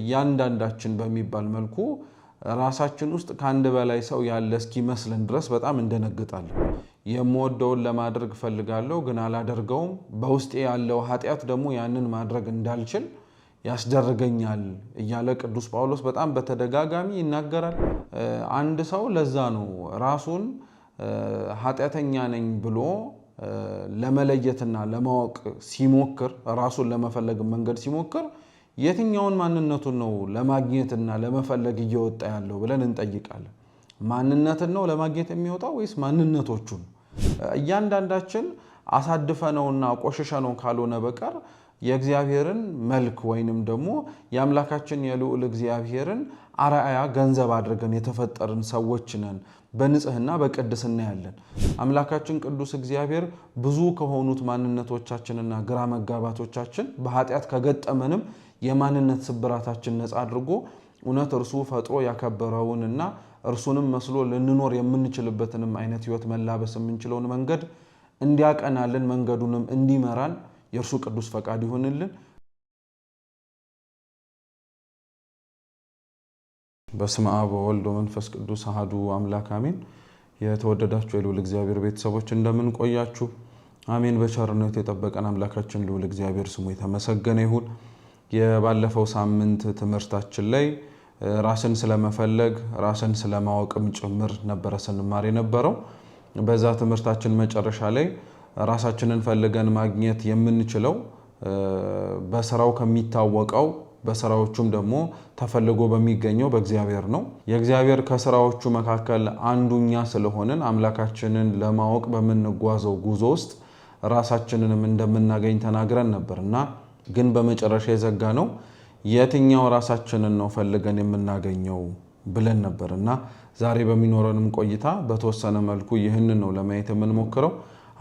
እያንዳንዳችን በሚባል መልኩ ራሳችን ውስጥ ከአንድ በላይ ሰው ያለ እስኪመስልን ድረስ በጣም እንደነግጣለን። የምወደውን ለማድረግ እፈልጋለሁ ግን አላደርገውም። በውስጤ ያለው ኃጢአት ደግሞ ያንን ማድረግ እንዳልችል ያስደርገኛል እያለ ቅዱስ ጳውሎስ በጣም በተደጋጋሚ ይናገራል። አንድ ሰው ለዛ ነው ራሱን ኃጢአተኛ ነኝ ብሎ ለመለየትና ለማወቅ ሲሞክር ራሱን ለመፈለግ መንገድ ሲሞክር የትኛውን ማንነቱን ነው ለማግኘትና ለመፈለግ እየወጣ ያለው ብለን እንጠይቃለን። ማንነትን ነው ለማግኘት የሚወጣው ወይስ ማንነቶቹን? እያንዳንዳችን አሳድፈነውና ቆሽሸነው ካልሆነ በቀር የእግዚአብሔርን መልክ ወይንም ደግሞ የአምላካችን የልዑል እግዚአብሔርን አርአያ ገንዘብ አድርገን የተፈጠርን ሰዎች ነን። በንጽህና በቅድስና ያለን አምላካችን ቅዱስ እግዚአብሔር ብዙ ከሆኑት ማንነቶቻችንና ግራ መጋባቶቻችን በኃጢአት ከገጠመንም የማንነት ስብራታችን ነፃ አድርጎ እውነት እርሱ ፈጥሮ ያከበረውንና እርሱንም መስሎ ልንኖር የምንችልበትንም አይነት ህይወት መላበስ የምንችለውን መንገድ እንዲያቀናልን መንገዱንም እንዲመራን የእርሱ ቅዱስ ፈቃድ ይሆንልን። በስመ አብ ወወልድ ወመንፈስ ቅዱስ አሐዱ አምላክ አሜን። የተወደዳችሁ የልዑል እግዚአብሔር ቤተሰቦች እንደምን ቆያችሁ? አሜን። በቸርነት የጠበቀን አምላካችን ልዑል እግዚአብሔር ስሙ የተመሰገነ ይሁን። የባለፈው ሳምንት ትምህርታችን ላይ ራስን ስለመፈለግ ራስን ስለማወቅም ጭምር ነበረ ስንማር የነበረው። በዛ ትምህርታችን መጨረሻ ላይ ራሳችንን ፈልገን ማግኘት የምንችለው በስራው ከሚታወቀው በስራዎቹም ደግሞ ተፈልጎ በሚገኘው በእግዚአብሔር ነው። የእግዚአብሔር ከስራዎቹ መካከል አንዱኛ ስለሆንን አምላካችንን ለማወቅ በምንጓዘው ጉዞ ውስጥ ራሳችንንም እንደምናገኝ ተናግረን ነበር እና ግን በመጨረሻ የዘጋ ነው የትኛው ራሳችንን ነው ፈልገን የምናገኘው ብለን ነበር እና ዛሬ በሚኖረንም ቆይታ በተወሰነ መልኩ ይህንን ነው ለማየት የምንሞክረው።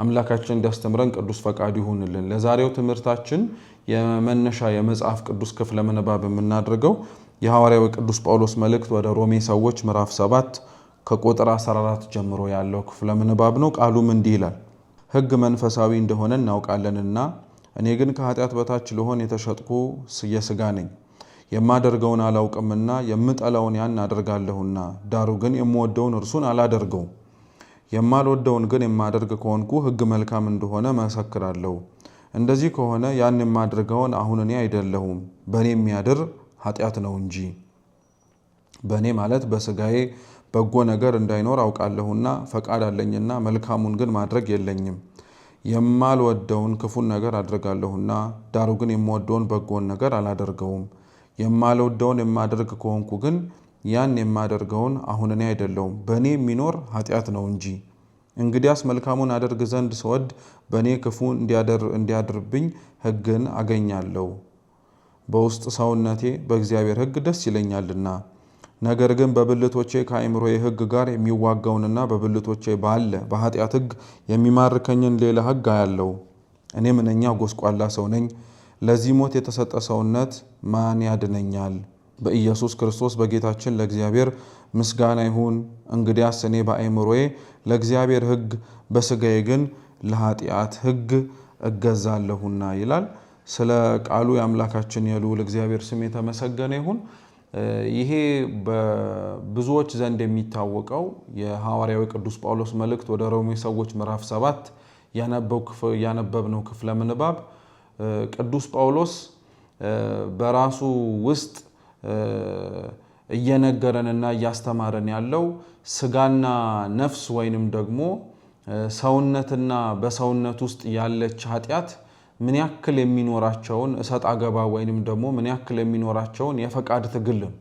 አምላካችን እንዲያስተምረን ቅዱስ ፈቃዱ ይሁንልን። ለዛሬው ትምህርታችን የመነሻ የመጽሐፍ ቅዱስ ክፍለ ምንባብ የምናደርገው የሐዋርያው ቅዱስ ጳውሎስ መልእክት ወደ ሮሜ ሰዎች ምዕራፍ 7 ከቁጥር 14 ጀምሮ ያለው ክፍለ ምንባብ ነው። ቃሉም እንዲህ ይላል፣ ሕግ መንፈሳዊ እንደሆነ እናውቃለንና እኔ ግን ከኃጢአት በታች ልሆን የተሸጥኩ የሥጋ ነኝ። የማደርገውን አላውቅምና የምጠላውን ያን አደርጋለሁና፣ ዳሩ ግን የምወደውን እርሱን አላደርገውም። የማልወደውን ግን የማደርግ ከሆንኩ ሕግ መልካም እንደሆነ መሰክራለሁ። እንደዚህ ከሆነ ያን የማደርገውን አሁን እኔ አይደለሁም፣ በእኔ የሚያድር ኃጢአት ነው እንጂ። በእኔ ማለት በሥጋዬ በጎ ነገር እንዳይኖር አውቃለሁና፣ ፈቃድ አለኝና መልካሙን ግን ማድረግ የለኝም የማልወደውን ክፉን ነገር አድርጋለሁና ዳሩ ግን የምወደውን በጎን ነገር አላደርገውም። የማልወደውን የማደርግ ከሆንኩ ግን ያን የማደርገውን አሁን እኔ አይደለሁም በእኔ የሚኖር ኃጢአት ነው እንጂ። እንግዲያስ መልካሙን አደርግ ዘንድ ስወድ በእኔ ክፉ እንዲያድርብኝ ሕግን አገኛለሁ። በውስጥ ሰውነቴ በእግዚአብሔር ሕግ ደስ ይለኛልና ነገር ግን በብልቶቼ ከአእምሮዬ ሕግ ጋር የሚዋጋውንና በብልቶቼ ባለ በኃጢአት ሕግ የሚማርከኝን ሌላ ሕግ አያለው። እኔ ምንኛ ጎስቋላ ሰው ነኝ! ለዚህ ሞት የተሰጠ ሰውነት ማን ያድነኛል? በኢየሱስ ክርስቶስ በጌታችን ለእግዚአብሔር ምስጋና ይሁን። እንግዲያስ እኔ በአእምሮዬ ለእግዚአብሔር ሕግ በስጋዬ ግን ለኃጢአት ሕግ እገዛለሁና ይላል። ስለ ቃሉ የአምላካችን የልዑል እግዚአብሔር ስም የተመሰገነ ይሁን። ይሄ በብዙዎች ዘንድ የሚታወቀው የሐዋርያዊ ቅዱስ ጳውሎስ መልእክት ወደ ሮሜ ሰዎች ምዕራፍ 7 ያነበብነው ክፍለ ምንባብ ቅዱስ ጳውሎስ በራሱ ውስጥ እየነገረንና እያስተማረን ያለው ስጋና ነፍስ ወይንም ደግሞ ሰውነትና በሰውነት ውስጥ ያለች ኃጢአት ምን ያክል የሚኖራቸውን እሰጥ አገባ ወይንም ደግሞ ምን ያክል የሚኖራቸውን የፈቃድ ትግል ነው።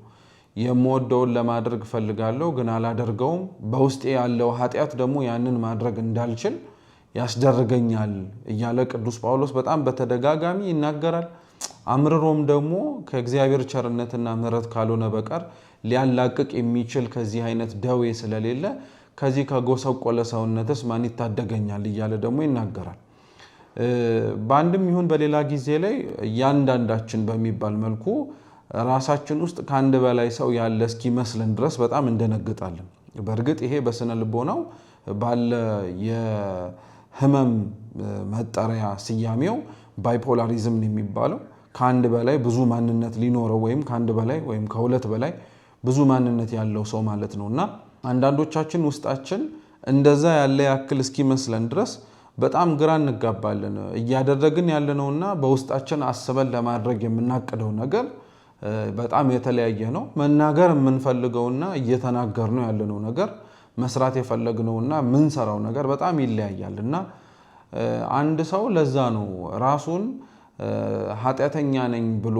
የምወደውን ለማድረግ እፈልጋለሁ ግን አላደርገውም። በውስጤ ያለው ኃጢአት ደግሞ ያንን ማድረግ እንዳልችል ያስደርገኛል እያለ ቅዱስ ጳውሎስ በጣም በተደጋጋሚ ይናገራል። አምርሮም ደግሞ ከእግዚአብሔር ቸርነትና ምሕረት ካልሆነ በቀር ሊያላቅቅ የሚችል ከዚህ አይነት ደዌ ስለሌለ ከዚህ ከጎሰቆለ ሰውነትስ ማን ይታደገኛል እያለ ደግሞ ይናገራል። በአንድም ይሁን በሌላ ጊዜ ላይ እያንዳንዳችን በሚባል መልኩ ራሳችን ውስጥ ከአንድ በላይ ሰው ያለ መስለን ድረስ በጣም እንደነግጣለን። በእርግጥ ይሄ በስነ ልቦናው ባለ የህመም መጠሪያ ስያሜው ባይፖላሪዝም ነው የሚባለው። ከአንድ በላይ ብዙ ማንነት ሊኖረው ወይም ከአንድ በላይ ወይም ከሁለት በላይ ብዙ ማንነት ያለው ሰው ማለት ነው እና አንዳንዶቻችን ውስጣችን እንደዛ ያለ ያክል እስኪመስለን ድረስ በጣም ግራ እንጋባለን። እያደረግን ያለነውና በውስጣችን አስበን ለማድረግ የምናቅደው ነገር በጣም የተለያየ ነው። መናገር የምንፈልገውና ነው ያለነው ነገር መስራት የፈለግነውና የምንሰራው ነገር በጣም ይለያያል እና አንድ ሰው ለዛ ነው ራሱን ኃጢአተኛ ነኝ ብሎ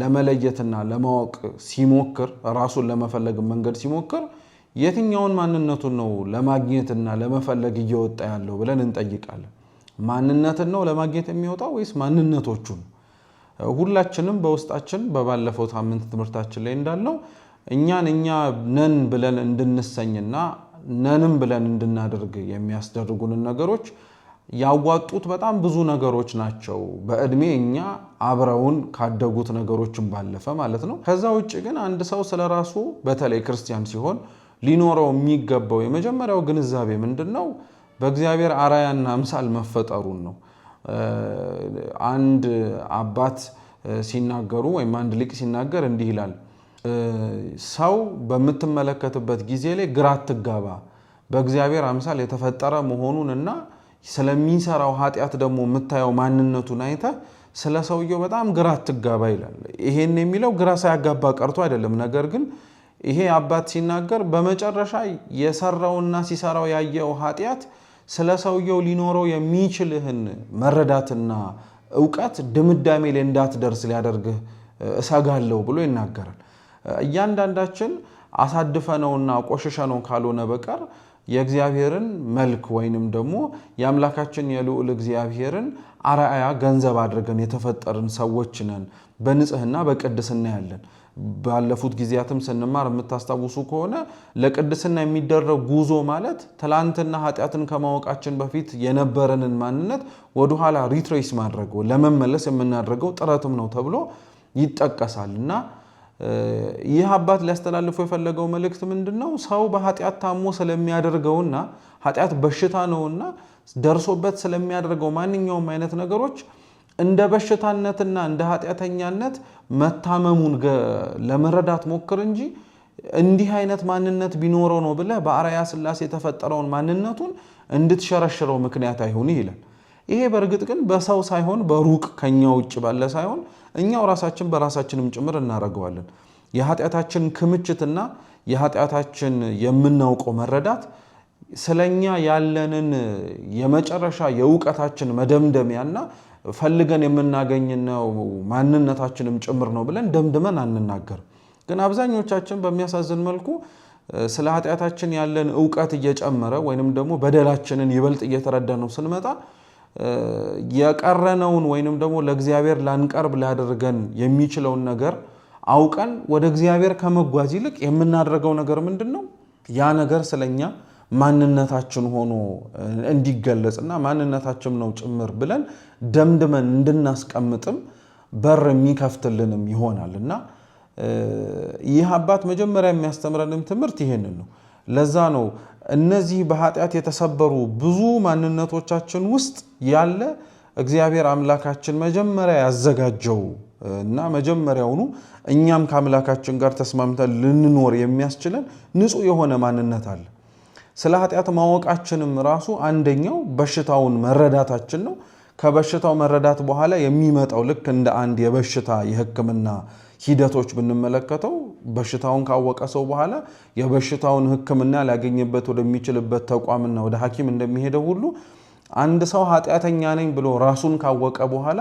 ለመለየትና ለማወቅ ሲሞክር ራሱን ለመፈለግ መንገድ ሲሞክር የትኛውን ማንነቱን ነው ለማግኘትና ለመፈለግ እየወጣ ያለው ብለን እንጠይቃለን። ማንነትን ነው ለማግኘት የሚወጣው ወይስ ማንነቶቹን? ሁላችንም በውስጣችን በባለፈው ሳምንት ትምህርታችን ላይ እንዳልነው እኛን እኛ ነን ብለን እንድንሰኝና ነንም ብለን እንድናደርግ የሚያስደርጉንን ነገሮች ያዋጡት በጣም ብዙ ነገሮች ናቸው። በእድሜ እኛ አብረውን ካደጉት ነገሮችን ባለፈ ማለት ነው። ከዛ ውጭ ግን አንድ ሰው ስለራሱ በተለይ ክርስቲያን ሲሆን ሊኖረው የሚገባው የመጀመሪያው ግንዛቤ ምንድን ነው? በእግዚአብሔር አራያና አምሳል መፈጠሩን ነው። አንድ አባት ሲናገሩ ወይም አንድ ሊቅ ሲናገር እንዲህ ይላል፣ ሰው በምትመለከትበት ጊዜ ላይ ግራ አትጋባ፣ በእግዚአብሔር አምሳል የተፈጠረ መሆኑን እና ስለሚሰራው ኃጢአት ደግሞ የምታየው ማንነቱን አይተህ ስለ ሰውየው በጣም ግራ አትጋባ ይላል። ይሄን የሚለው ግራ ሳያጋባ ቀርቶ አይደለም፣ ነገር ግን ይሄ አባት ሲናገር በመጨረሻ የሰራውና ሲሰራው ያየው ኃጢአት ስለ ሰውየው ሊኖረው የሚችልህን መረዳትና እውቀት ድምዳሜ ላይ እንዳትደርስ ሊያደርግህ እሰጋለሁ ብሎ ይናገራል። እያንዳንዳችን አሳድፈነውና ቆሽሸነው ካልሆነ በቀር የእግዚአብሔርን መልክ ወይንም ደግሞ የአምላካችን የልዑል እግዚአብሔርን አርአያ ገንዘብ አድርገን የተፈጠርን ሰዎች ነን። በንጽህና በቅድስና ያለን ባለፉት ጊዜያትም ስንማር የምታስታውሱ ከሆነ ለቅድስና የሚደረግ ጉዞ ማለት ትላንትና ኃጢአትን ከማወቃችን በፊት የነበረንን ማንነት ወደኋላ ሪትሬስ ማድረግ ለመመለስ የምናደርገው ጥረትም ነው ተብሎ ይጠቀሳል እና ይህ አባት ሊያስተላልፈው የፈለገው መልእክት ምንድን ነው? ሰው በኃጢአት ታሞ ስለሚያደርገውና ኃጢአት በሽታ ነውና ደርሶበት ስለሚያደርገው ማንኛውም አይነት ነገሮች እንደ በሽታነትና እንደ ኃጢአተኛነት መታመሙን ለመረዳት ሞክር እንጂ እንዲህ አይነት ማንነት ቢኖረው ነው ብለህ በአርአያ ስላሴ የተፈጠረውን ማንነቱን እንድትሸረሽረው ምክንያት አይሁን ይላል። ይሄ በእርግጥ ግን በሰው ሳይሆን በሩቅ ከኛ ውጭ ባለ ሳይሆን እኛው ራሳችን በራሳችንም ጭምር እናደርገዋለን። የኃጢአታችን ክምችትና የኃጢአታችን የምናውቀው መረዳት ስለኛ ያለንን የመጨረሻ የእውቀታችን መደምደሚያና ፈልገን የምናገኝ ነው ማንነታችንም ጭምር ነው ብለን ደምድመን አንናገርም። ግን አብዛኞቻችን በሚያሳዝን መልኩ ስለ ኃጢአታችን ያለን እውቀት እየጨመረ ወይንም ደግሞ በደላችንን ይበልጥ እየተረዳ ነው ስንመጣ የቀረነውን ወይንም ደግሞ ለእግዚአብሔር ላንቀርብ ሊያደርገን የሚችለውን ነገር አውቀን ወደ እግዚአብሔር ከመጓዝ ይልቅ የምናደርገው ነገር ምንድን ነው? ያ ነገር ስለኛ ማንነታችን ሆኖ እንዲገለጽና ማንነታችን ነው ጭምር ብለን ደምድመን እንድናስቀምጥም በር የሚከፍትልንም ይሆናል እና ይህ አባት መጀመሪያ የሚያስተምረንም ትምህርት ይሄንን ነው። ለዛ ነው እነዚህ በኃጢአት የተሰበሩ ብዙ ማንነቶቻችን ውስጥ ያለ እግዚአብሔር አምላካችን መጀመሪያ ያዘጋጀው እና መጀመሪያውኑ እኛም ከአምላካችን ጋር ተስማምተን ልንኖር የሚያስችለን ንጹህ የሆነ ማንነት አለ። ስለ ኃጢአት ማወቃችንም ራሱ አንደኛው በሽታውን መረዳታችን ነው። ከበሽታው መረዳት በኋላ የሚመጣው ልክ እንደ አንድ የበሽታ የሕክምና ሂደቶች ብንመለከተው በሽታውን ካወቀ ሰው በኋላ የበሽታውን ሕክምና ሊያገኝበት ወደሚችልበት ተቋምና ወደ ሐኪም እንደሚሄደው ሁሉ አንድ ሰው ኃጢአተኛ ነኝ ብሎ ራሱን ካወቀ በኋላ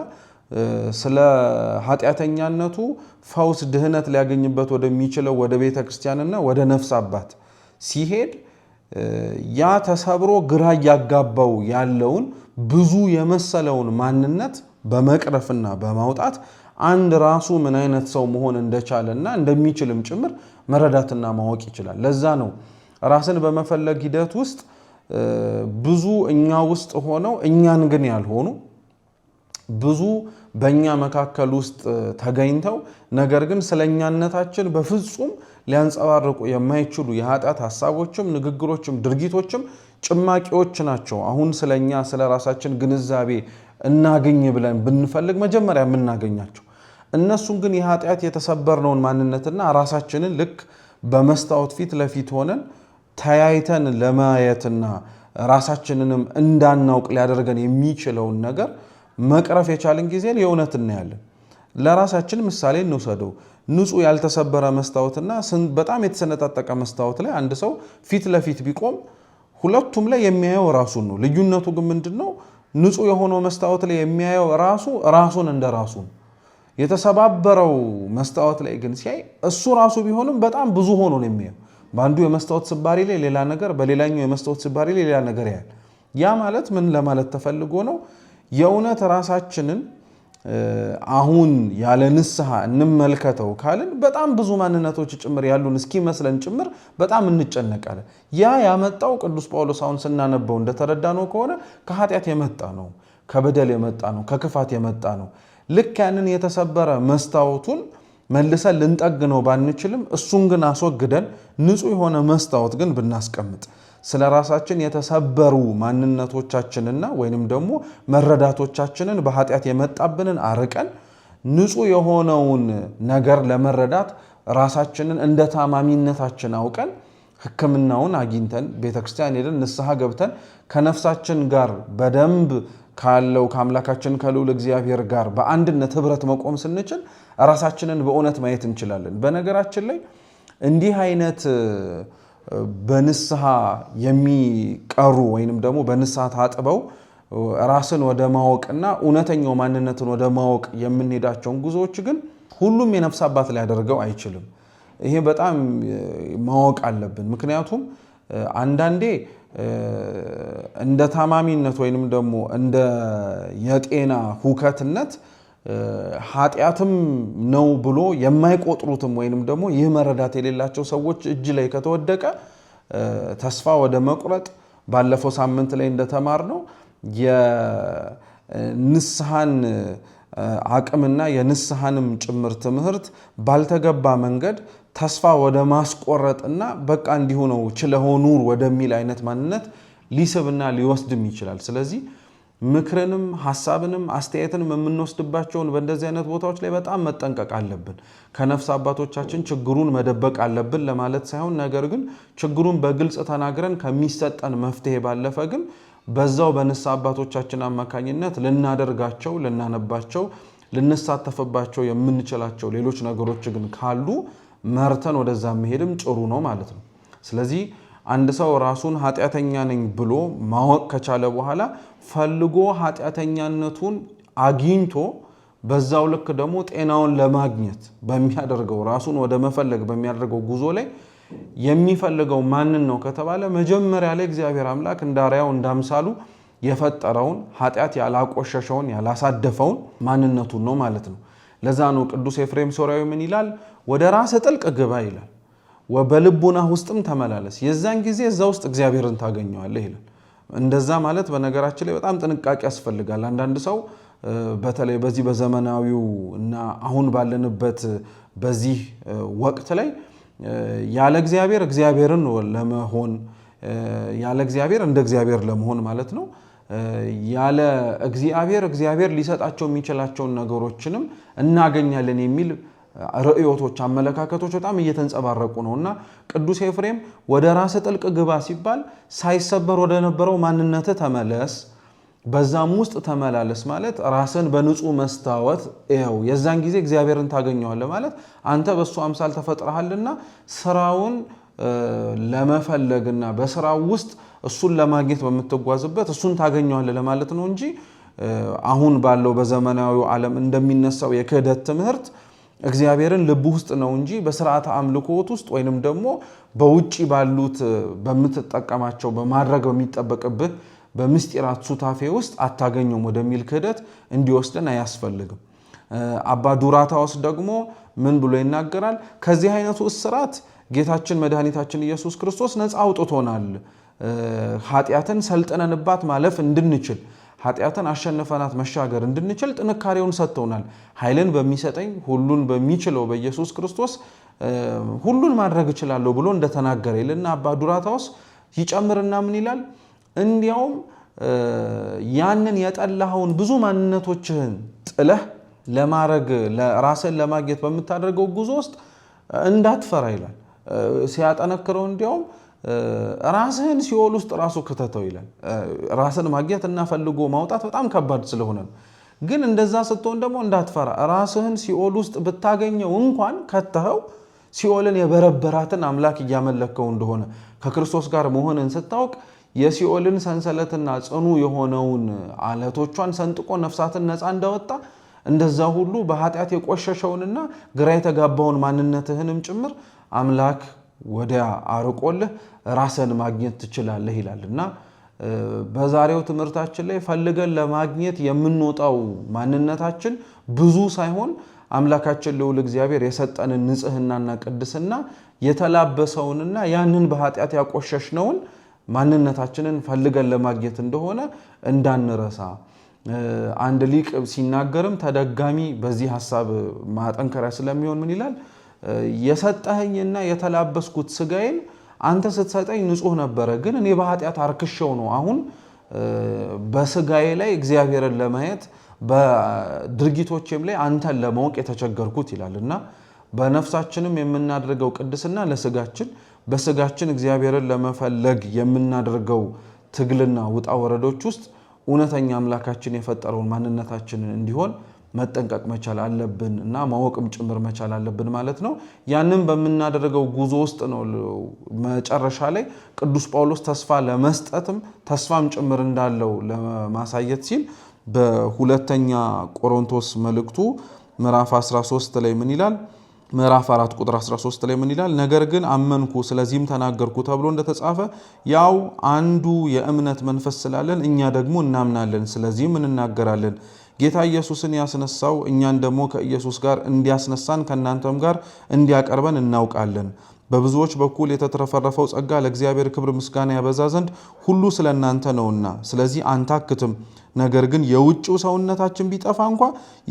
ስለ ኃጢአተኛነቱ ፈውስ፣ ድህነት ሊያገኝበት ወደሚችለው ወደ ቤተ ክርስቲያንና ወደ ነፍስ አባት ሲሄድ ያ ተሰብሮ ግራ እያጋባው ያለውን ብዙ የመሰለውን ማንነት በመቅረፍና በማውጣት አንድ ራሱ ምን አይነት ሰው መሆን እንደቻለና እንደሚችልም ጭምር መረዳትና ማወቅ ይችላል። ለዛ ነው ራስን በመፈለግ ሂደት ውስጥ ብዙ እኛ ውስጥ ሆነው እኛን ግን ያልሆኑ ብዙ በእኛ መካከል ውስጥ ተገኝተው ነገር ግን ስለ እኛነታችን በፍጹም ሊያንጸባርቁ የማይችሉ የኃጢአት ሀሳቦችም ንግግሮችም ድርጊቶችም ጭማቂዎች ናቸው። አሁን ስለኛ ስለ ራሳችን ግንዛቤ እናገኝ ብለን ብንፈልግ መጀመሪያ የምናገኛቸው እነሱን ግን የኃጢአት የተሰበርነውን ማንነትና ራሳችንን ልክ በመስታወት ፊት ለፊት ሆነን ተያይተን ለማየትና ራሳችንንም እንዳናውቅ ሊያደርገን የሚችለውን ነገር መቅረፍ የቻልን ጊዜ የእውነት እናያለን። ለራሳችን ምሳሌ እንውሰደው። ንጹህ ያልተሰበረ መስታወትና በጣም የተሰነጣጠቀ መስታወት ላይ አንድ ሰው ፊት ለፊት ቢቆም ሁለቱም ላይ የሚያየው ራሱን ነው። ልዩነቱ ግን ምንድን ነው? ንጹህ የሆነው መስታወት ላይ የሚያየው ራሱ ራሱን እንደ ራሱ ነው። የተሰባበረው መስታወት ላይ ግን ሲያይ እሱ ራሱ ቢሆንም በጣም ብዙ ሆኖ ነው የሚያየው። በአንዱ የመስታወት ስባሪ ላይ ሌላ ነገር፣ በሌላኛው የመስታወት ስባሪ ላይ ሌላ ነገር ያያል። ያ ማለት ምን ለማለት ተፈልጎ ነው? የእውነት ራሳችንን አሁን ያለ ንስሐ እንመልከተው ካልን በጣም ብዙ ማንነቶች ጭምር ያሉን እስኪመስለን ጭምር በጣም እንጨነቃለን። ያ ያመጣው ቅዱስ ጳውሎስ አሁን ስናነበው እንደተረዳ ነው ከሆነ ከኃጢአት የመጣ ነው፣ ከበደል የመጣ ነው፣ ከክፋት የመጣ ነው። ልክ ያንን የተሰበረ መስታወቱን መልሰን ልንጠግነው ባንችልም እሱን ግን አስወግደን ንጹህ የሆነ መስታወት ግን ብናስቀምጥ ስለ ራሳችን የተሰበሩ ማንነቶቻችንና ወይንም ደግሞ መረዳቶቻችንን በኃጢአት የመጣብንን አርቀን ንጹሕ የሆነውን ነገር ለመረዳት ራሳችንን እንደ ታማሚነታችን አውቀን ሕክምናውን አግኝተን ቤተክርስቲያን ሄደን ንስሐ ገብተን ከነፍሳችን ጋር በደንብ ካለው ከአምላካችን ከልዑል እግዚአብሔር ጋር በአንድነት ህብረት መቆም ስንችል ራሳችንን በእውነት ማየት እንችላለን። በነገራችን ላይ እንዲህ አይነት በንስሐ የሚቀሩ ወይንም ደግሞ በንስሐ ታጥበው ራስን ወደ ማወቅና እውነተኛው ማንነትን ወደ ማወቅ የምንሄዳቸውን ጉዞዎች ግን ሁሉም የነፍስ አባት ሊያደርገው አይችልም። ይሄ በጣም ማወቅ አለብን። ምክንያቱም አንዳንዴ እንደ ታማሚነት ወይንም ደግሞ እንደ የጤና ሁከትነት ኃጢአትም ነው ብሎ የማይቆጥሩትም ወይንም ደግሞ ይህ መረዳት የሌላቸው ሰዎች እጅ ላይ ከተወደቀ ተስፋ ወደ መቁረጥ ባለፈው ሳምንት ላይ እንደተማርነው የንስሐን አቅምና የንስሐንም ጭምር ትምህርት ባልተገባ መንገድ ተስፋ ወደ ማስቆረጥና በቃ እንዲሁ ነው ችለሆኑር ወደሚል አይነት ማንነት ሊስብና ሊወስድም ይችላል። ስለዚህ ምክርንም ሀሳብንም አስተያየትንም የምንወስድባቸውን በእንደዚህ አይነት ቦታዎች ላይ በጣም መጠንቀቅ አለብን። ከነፍስ አባቶቻችን ችግሩን መደበቅ አለብን ለማለት ሳይሆን፣ ነገር ግን ችግሩን በግልጽ ተናግረን ከሚሰጠን መፍትሄ ባለፈ ግን በዛው በንስሐ አባቶቻችን አማካኝነት ልናደርጋቸው፣ ልናነባቸው፣ ልንሳተፍባቸው የምንችላቸው ሌሎች ነገሮች ግን ካሉ መርተን ወደዛ መሄድም ጥሩ ነው ማለት ነው። ስለዚህ አንድ ሰው ራሱን ኃጢአተኛ ነኝ ብሎ ማወቅ ከቻለ በኋላ ፈልጎ ኃጢአተኛነቱን አግኝቶ በዛው ልክ ደግሞ ጤናውን ለማግኘት በሚያደርገው ራሱን ወደ መፈለግ በሚያደርገው ጉዞ ላይ የሚፈልገው ማንን ነው ከተባለ መጀመሪያ ላይ እግዚአብሔር አምላክ እንዳርያው እንዳምሳሉ የፈጠረውን ኃጢአት ያላቆሸሸውን ያላሳደፈውን ማንነቱን ነው ማለት ነው። ለዛ ነው ቅዱስ ኤፍሬም ሶሪያዊ ምን ይላል? ወደ ራስ ጥልቅ ግባ ይላል። በልቡና ውስጥም ተመላለስ፣ የዛን ጊዜ እዛ ውስጥ እግዚአብሔርን ታገኘዋለህ ይላል። እንደዛ ማለት በነገራችን ላይ በጣም ጥንቃቄ ያስፈልጋል። አንዳንድ ሰው በተለይ በዚህ በዘመናዊው እና አሁን ባለንበት በዚህ ወቅት ላይ ያለ እግዚአብሔር እግዚአብሔርን ለመሆን ያለ እግዚአብሔር እንደ እግዚአብሔር ለመሆን ማለት ነው። ያለ እግዚአብሔር እግዚአብሔር ሊሰጣቸው የሚችላቸውን ነገሮችንም እናገኛለን የሚል ርእዮቶች፣ አመለካከቶች በጣም እየተንጸባረቁ ነው እና ቅዱስ ኤፍሬም ወደ ራስ ጥልቅ ግባ ሲባል ሳይሰበር ወደ ነበረው ማንነት ተመለስ፣ በዛም ውስጥ ተመላለስ ማለት ራስን በንጹህ መስታወት ው የዛን ጊዜ እግዚአብሔርን ታገኘዋለ ማለት አንተ በእሱ አምሳል ተፈጥረሃልና ስራውን ለመፈለግና በስራው ውስጥ እሱን ለማግኘት በምትጓዝበት እሱን ታገኘዋለ ለማለት ነው እንጂ አሁን ባለው በዘመናዊ ዓለም እንደሚነሳው የክህደት ትምህርት እግዚአብሔርን ልብ ውስጥ ነው እንጂ በስርዓተ አምልኮት ውስጥ ወይንም ደግሞ በውጭ ባሉት በምትጠቀማቸው በማድረግ በሚጠበቅብህ በምስጢራት ሱታፌ ውስጥ አታገኘውም ወደሚል ክህደት እንዲወስደን አያስፈልግም። አባ ዱራታውስ ደግሞ ምን ብሎ ይናገራል? ከዚህ አይነቱ እስራት ጌታችን መድኃኒታችን ኢየሱስ ክርስቶስ ነፃ አውጥቶናል። ኃጢአትን ሰልጥነንባት ማለፍ እንድንችል ኃጢአትን አሸንፈናት መሻገር እንድንችል ጥንካሬውን ሰጥተውናል። ኃይልን በሚሰጠኝ ሁሉን በሚችለው በኢየሱስ ክርስቶስ ሁሉን ማድረግ እችላለሁ ብሎ እንደተናገረ ይልና አባ ዱራታውስ ይጨምርና ምን ይላል? እንዲያውም ያንን የጠላኸውን ብዙ ማንነቶችህን ጥለህ ለማድረግ ራስን ለማግኘት በምታደርገው ጉዞ ውስጥ እንዳትፈራ ይላል ሲያጠነክረው እንዲያውም ራስህን ሲኦል ውስጥ ራሱ ክተተው ይላል። ራስን ማግኘት እና ፈልጎ ማውጣት በጣም ከባድ ስለሆነ ነው። ግን እንደዛ ስትሆን ደግሞ እንዳትፈራ። ራስህን ሲኦል ውስጥ ብታገኘው እንኳን ከተኸው ሲኦልን የበረበራትን አምላክ እያመለከው እንደሆነ ከክርስቶስ ጋር መሆንን ስታውቅ የሲኦልን ሰንሰለትና ጽኑ የሆነውን አለቶቿን ሰንጥቆ ነፍሳትን ነፃ እንዳወጣ እንደዛ ሁሉ በኃጢአት የቆሸሸውንና ግራ የተጋባውን ማንነትህንም ጭምር አምላክ ወዲያ አርቆልህ ራስን ማግኘት ትችላለህ ይላል እና በዛሬው ትምህርታችን ላይ ፈልገን ለማግኘት የምንወጣው ማንነታችን ብዙ ሳይሆን አምላካችን ልዑል እግዚአብሔር የሰጠንን ንጽህናና ቅድስና የተላበሰውንና ያንን በኃጢአት ያቆሸሽነውን ማንነታችንን ፈልገን ለማግኘት እንደሆነ እንዳንረሳ። አንድ ሊቅ ሲናገርም ተደጋሚ በዚህ ሀሳብ ማጠንከሪያ ስለሚሆን ምን ይላል? የሰጠኸኝና የተላበስኩት ስጋዬን አንተ ስትሰጠኝ ንጹህ ነበረ፣ ግን እኔ በኃጢአት አርክሸው ነው አሁን በስጋዬ ላይ እግዚአብሔርን ለማየት በድርጊቶቼም ላይ አንተን ለማወቅ የተቸገርኩት ይላል እና በነፍሳችንም የምናደርገው ቅድስና ለስጋችን በስጋችን እግዚአብሔርን ለመፈለግ የምናደርገው ትግልና ውጣ ወረዶች ውስጥ እውነተኛ አምላካችን የፈጠረውን ማንነታችንን እንዲሆን መጠንቀቅ መቻል አለብን እና ማወቅም ጭምር መቻል አለብን ማለት ነው። ያንን በምናደርገው ጉዞ ውስጥ ነው መጨረሻ ላይ ቅዱስ ጳውሎስ ተስፋ ለመስጠትም ተስፋም ጭምር እንዳለው ለማሳየት ሲል በሁለተኛ ቆሮንቶስ መልእክቱ ምዕራፍ 13 ላይ ምን ይላል? ምዕራፍ 4 ቁጥር 13 ላይ ምን ይላል? ነገር ግን አመንኩ ስለዚህም ተናገርኩ ተብሎ እንደተጻፈ ያው አንዱ የእምነት መንፈስ ስላለን እኛ ደግሞ እናምናለን፣ ስለዚህም እንናገራለን ጌታ ኢየሱስን ያስነሳው እኛን ደግሞ ከኢየሱስ ጋር እንዲያስነሳን ከእናንተም ጋር እንዲያቀርበን እናውቃለን። በብዙዎች በኩል የተትረፈረፈው ጸጋ ለእግዚአብሔር ክብር ምስጋና ያበዛ ዘንድ ሁሉ ስለ እናንተ ነውና፣ ስለዚህ አንታክትም። ነገር ግን የውጭው ሰውነታችን ቢጠፋ እንኳ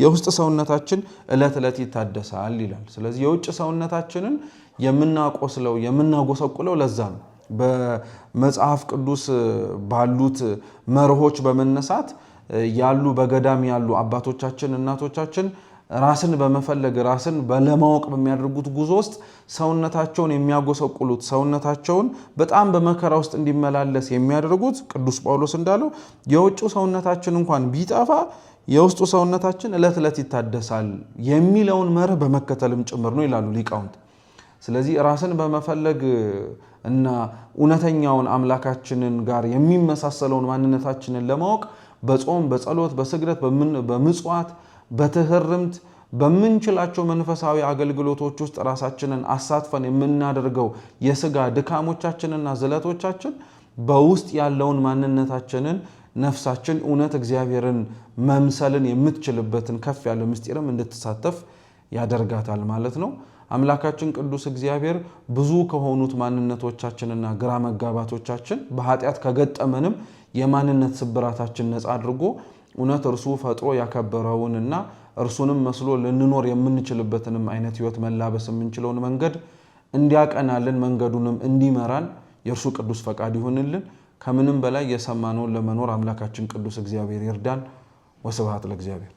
የውስጥ ሰውነታችን ዕለት ዕለት ይታደሳል ይላል። ስለዚህ የውጭ ሰውነታችንን የምናቆስለው የምናጎሰቁለው ለዛ ነው በመጽሐፍ ቅዱስ ባሉት መርሆች በመነሳት ያሉ በገዳም ያሉ አባቶቻችን እናቶቻችን ራስን በመፈለግ ራስን በለማወቅ በሚያደርጉት ጉዞ ውስጥ ሰውነታቸውን የሚያጎሰቁሉት ሰውነታቸውን በጣም በመከራ ውስጥ እንዲመላለስ የሚያደርጉት ቅዱስ ጳውሎስ እንዳለው የውጭ ሰውነታችን እንኳን ቢጠፋ የውስጡ ሰውነታችን ዕለት ዕለት ይታደሳል የሚለውን መርህ በመከተልም ጭምር ነው ይላሉ ሊቃውንት። ስለዚህ ራስን በመፈለግ እና እውነተኛውን አምላካችንን ጋር የሚመሳሰለውን ማንነታችንን ለማወቅ በጾም በጸሎት በስግደት በምጽዋት በትህርምት በምንችላቸው መንፈሳዊ አገልግሎቶች ውስጥ ራሳችንን አሳትፈን የምናደርገው የስጋ ድካሞቻችንና ዝለቶቻችን በውስጥ ያለውን ማንነታችንን ነፍሳችን እውነት እግዚአብሔርን መምሰልን የምትችልበትን ከፍ ያለ ምስጢርም እንድትሳተፍ ያደርጋታል ማለት ነው። አምላካችን ቅዱስ እግዚአብሔር ብዙ ከሆኑት ማንነቶቻችንና ግራ መጋባቶቻችን በኃጢአት ከገጠመንም የማንነት ስብራታችን ነፃ አድርጎ እውነት እርሱ ፈጥሮ ያከበረውንና እርሱንም መስሎ ልንኖር የምንችልበትንም አይነት ህይወት መላበስ የምንችለውን መንገድ እንዲያቀናልን መንገዱንም እንዲመራን የእርሱ ቅዱስ ፈቃድ ይሁንልን። ከምንም በላይ የሰማነውን ለመኖር አምላካችን ቅዱስ እግዚአብሔር ይርዳን። ወስብሐት ለእግዚአብሔር።